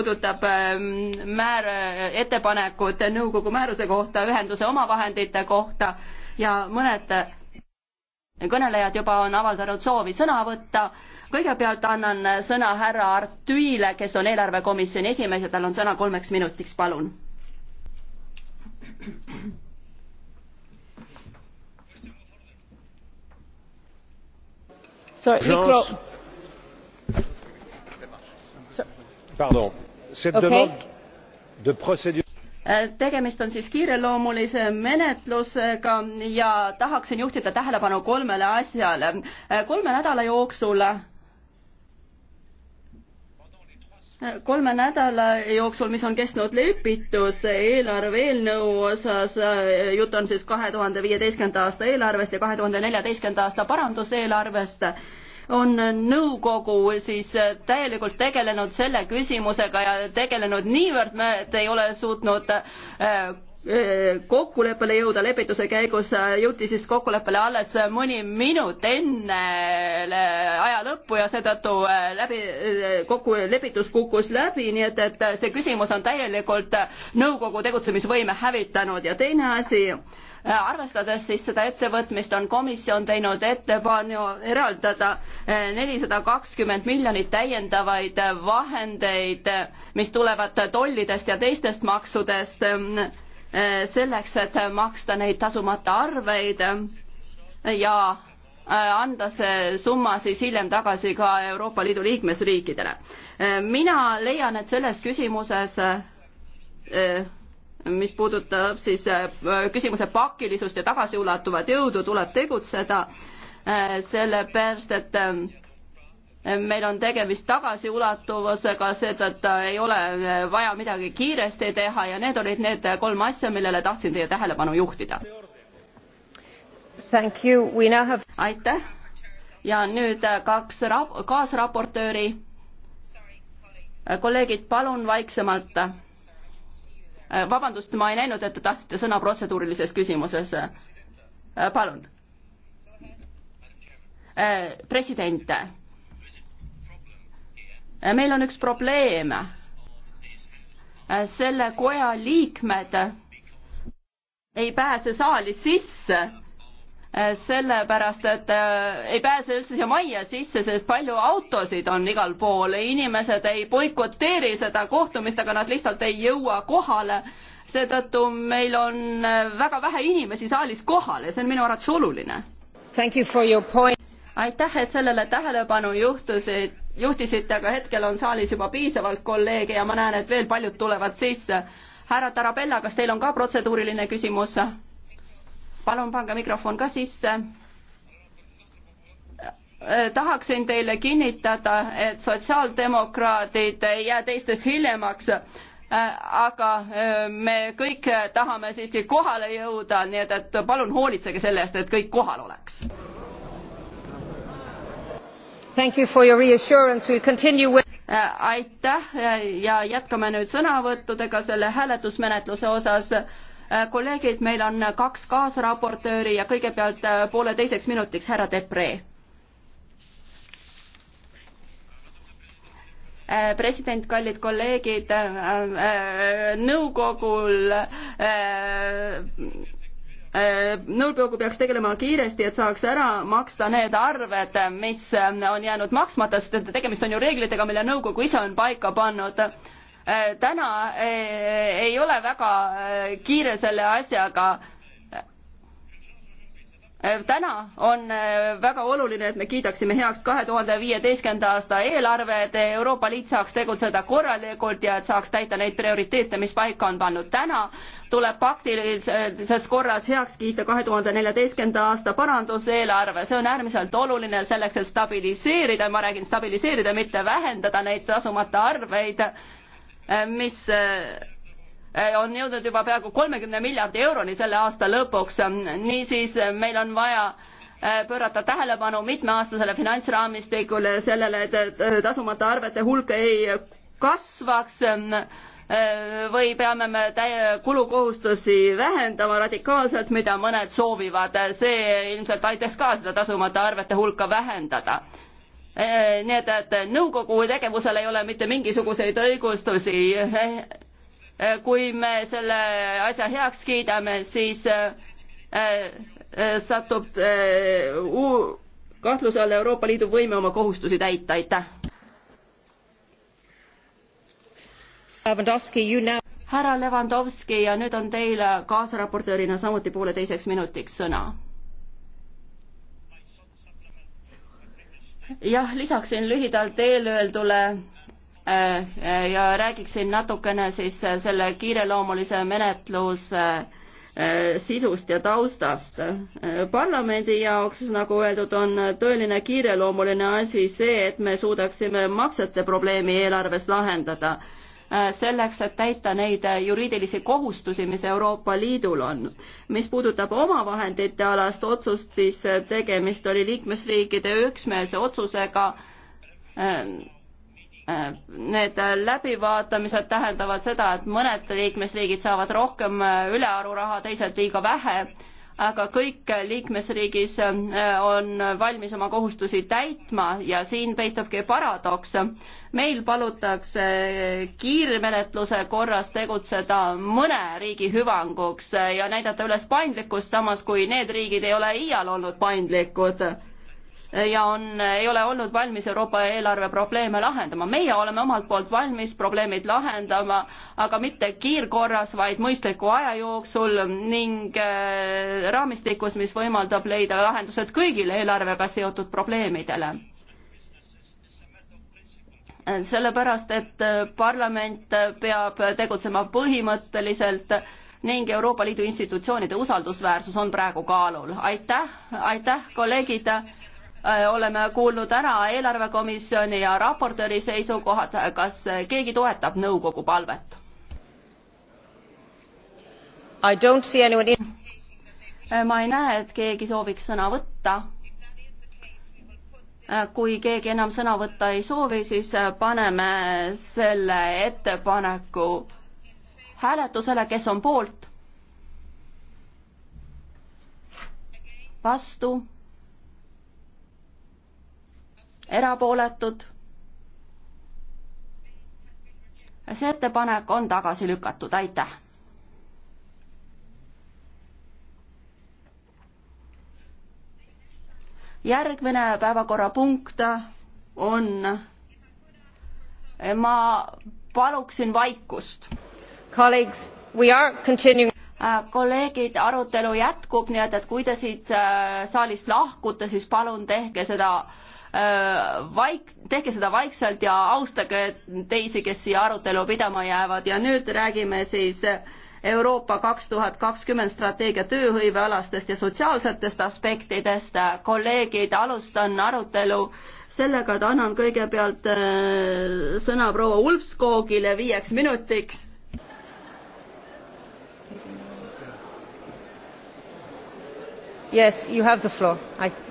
puudutab ähm, määr, ettepanekut nõukogu määruse kohta ühenduse omavahendite kohta ja mõned kõnelejad juba on avaldanud soovi sõna võtta. kõigepealt annan sõna härra Artüile, kes on eelarvekomisjoni esimees ja tal on sõna kolmeks minutiks, palun. Sorry, Jean... Pardon Okay. Äh, tegemist on siis kiireloomulise menetlusega ja tahaksin juhtida tähelepanu kolmele asjale. Äh, kolme nädala jooksul äh, kolme nädala jooksul, mis on kestnud lepitus eelarve eelnõu osas, jutt on siis kahe tuhande viieteistkümnenda aasta eelarvest ja kahe tuhande neljateistkümnenda aasta paranduseelarvest on nõukogu siis täielikult tegelenud selle küsimusega ja tegelenud niivõrd, et ei ole suutnud äh, Eh, kokkuleppele jõuda lepituse käigus, äh, jõuti siis kokkuleppele alles mõni minut enne äh, aja lõppu ja seetõttu äh, läbi, kokku, lepitus kukkus läbi, nii et, et see küsimus on täielikult nõukogu tegutsemisvõime hävitanud ja teine asi, arvestades siis seda ettevõtmist, on komisjon teinud ettepaneku eraldada nelisada kakskümmend miljonit täiendavaid vahendeid, mis tulevad tollidest ja teistest maksudest Äh, selleks, et maksta neid tasumata arveid ja äh, anda see summa siis hiljem tagasi ka Euroopa Liidu liikmesriikidele. Äh, mina leian, et selles küsimuses mis puudutab siis küsimuse pakilisust ja tagasiulatuvat jõudu, tuleb tegutseda, sellepärast et meil on tegemist tagasiulatuvusega, seetõttu ei ole vaja midagi kiiresti teha ja need olid need kolm asja, millele tahtsin teie tähelepanu juhtida. Have... aitäh ja nüüd kaks ra-, kaasraportööri. kolleegid, palun vaiksemalt. vabandust, ma ei näinud, et te tahtsite sõna protseduurilises küsimuses. palun. president Äh, meil on üks probleem. Äh, selle koja liikmed ei pääse saali sisse, äh, sellepärast et ei pääse üldse siia majja sisse, sest palju autosid on igal pool, inimesed ei boikoteeri seda kohtumist, aga nad lihtsalt ei jõua kohale. seetõttu meil on väga vähe inimesi saalis kohal ja see on minu arvates oluline. aitäh, et sellele tähelepanu juhtusid juhtisite, aga hetkel on saalis juba piisavalt kolleege ja ma näen, et veel paljud tulevad sisse. härra Tarabella, kas teil on ka protseduuriline küsimus? palun pange mikrofon ka sisse tahaksin teile kinnitada, et sotsiaaldemokraadid ei jää teistest hiljemaks, aga me kõik tahame siiski kohale jõuda, nii et, et palun hoolitsege selle eest, et kõik kohal oleks Äh, aitäh äh, ja jätkame nüüd sõnavõttudega selle hääletusmenetluse osas. Äh, kolleegid, meil on kaks kaasraportööri ja kõigepealt pooleteiseks minutiks härra Depree. president, kallid kolleegid, nõukogul Äh, nõukogu peaks tegelema kiiresti, et saaks ära maksta need arved, mis äh, on jäänud maksmata, sest tegemist on ju reeglitega, mille nõukogu ise on paika pannud. Äh, täna ei ole väga kiire selle asjaga Äh, täna on äh, väga oluline, et me kiidaksime heaks kahe tuhande viieteistkümnenda aasta eelarve, et Euroopa Liit saaks tegutseda korralikult ja et saaks täita neid prioriteete, mis paika on pannud. täna tuleb paktilises korras heaks kiita kahe tuhande neljateistkümnenda aasta paranduseelarve, see on äärmiselt oluline selleks, et stabiliseerida, ma räägin stabiliseerida, mitte vähendada neid tasumata arveid, äh, mis Eh, on jõudnud juba peaaegu kolmekümne miljardi euroni selle aasta lõpuks, niisiis meil on vaja eh, pöörata tähelepanu mitmeaastasele finantsraamistikule, sellele, et tasumata arvete hulk ei kasvaks eh, või peame me täie kulukohustusi vähendama radikaalselt, mida mõned soovivad, see ilmselt aitaks ka seda tasumata arvete hulka vähendada. nii et, et nõukogu tegevusel ei ole mitte mingisuguseid õigustusi Äh, kui me selle asja heaks kiidame, siis äh, äh, satub kahtluse alla Euroopa Liidu võime oma kohustusi täita, aitäh. härra Levandovski ja nüüd on teil kaasraportöörina samuti pooleteiseks minutiks sõna. jah, lisaksin lühidalt eelöeldule Äh, ja räägiksin natukene siis äh, selle kiireloomulise menetluse äh, sisust ja taustast. parlamendi jaoks, nagu öeldud, on tõeline kiireloomuline asi see, et me suudaksime maksete probleemi eelarves lahendada, selleks, et täita neid juriidilisi kohustusi, mis Euroopa Liidul on. mis puudutab omavahendite alast otsust, siis tegemist oli liikmesriikide üksmeelse otsusega Need läbivaatamised tähendavad seda, et mõned liikmesriigid saavad rohkem äh, ülearuraha, teised liiga vähe, aga kõik liikmesriigis äh, on valmis oma kohustusi täitma ja siin peitubki paradoks. meil palutakse kiirmenetluse korras tegutseda mõne riigi hüvanguks ja näidata üles paindlikkust, samas kui need riigid ei ole iial olnud paindlikud ja on, ei ole olnud valmis Euroopa eelarve probleeme lahendama. meie oleme omalt poolt valmis probleemid lahendama, aga mitte kiirkorras, vaid mõistliku aja jooksul ning äh, raamistikus, mis võimaldab leida lahendused kõigile eelarvega seotud probleemidele sellepärast, et äh, parlament peab tegutsema põhimõtteliselt ning Euroopa Liidu institutsioonide usaldusväärsus on praegu kaalul. aitäh, aitäh, kolleegid Äh, oleme kuulnud ära eelarvekomisjoni ja raportööri seisukohad, kas keegi toetab nõukogu palvet? Anyone... Äh, ma ei näe, et keegi sooviks sõna võtta. Äh, kui keegi enam sõna võtta ei soovi, siis paneme selle ettepaneku hääletusele, kes on poolt? vastu erapooletud. see ettepanek on tagasi lükatud, aitäh. järgmine päevakorrapunkt on, ma paluksin vaikust. Colleagues, we are continuing äh, kolleegid, arutelu jätkub, nii et, et kui te siit äh, saalist lahkute, siis palun tehke seda Äh, vaik-, tehke seda vaikselt ja austage teisi, kes siia arutelu pidama jäävad ja nüüd räägime siis Euroopa kaks tuhat kakskümmend strateegia tööhõivealastest ja sotsiaalsetest aspektidest. kolleegid, alustan arutelu sellega, et annan kõigepealt äh, sõna proua Ulfskoogile viieks minutiks. Yes, you have the floor I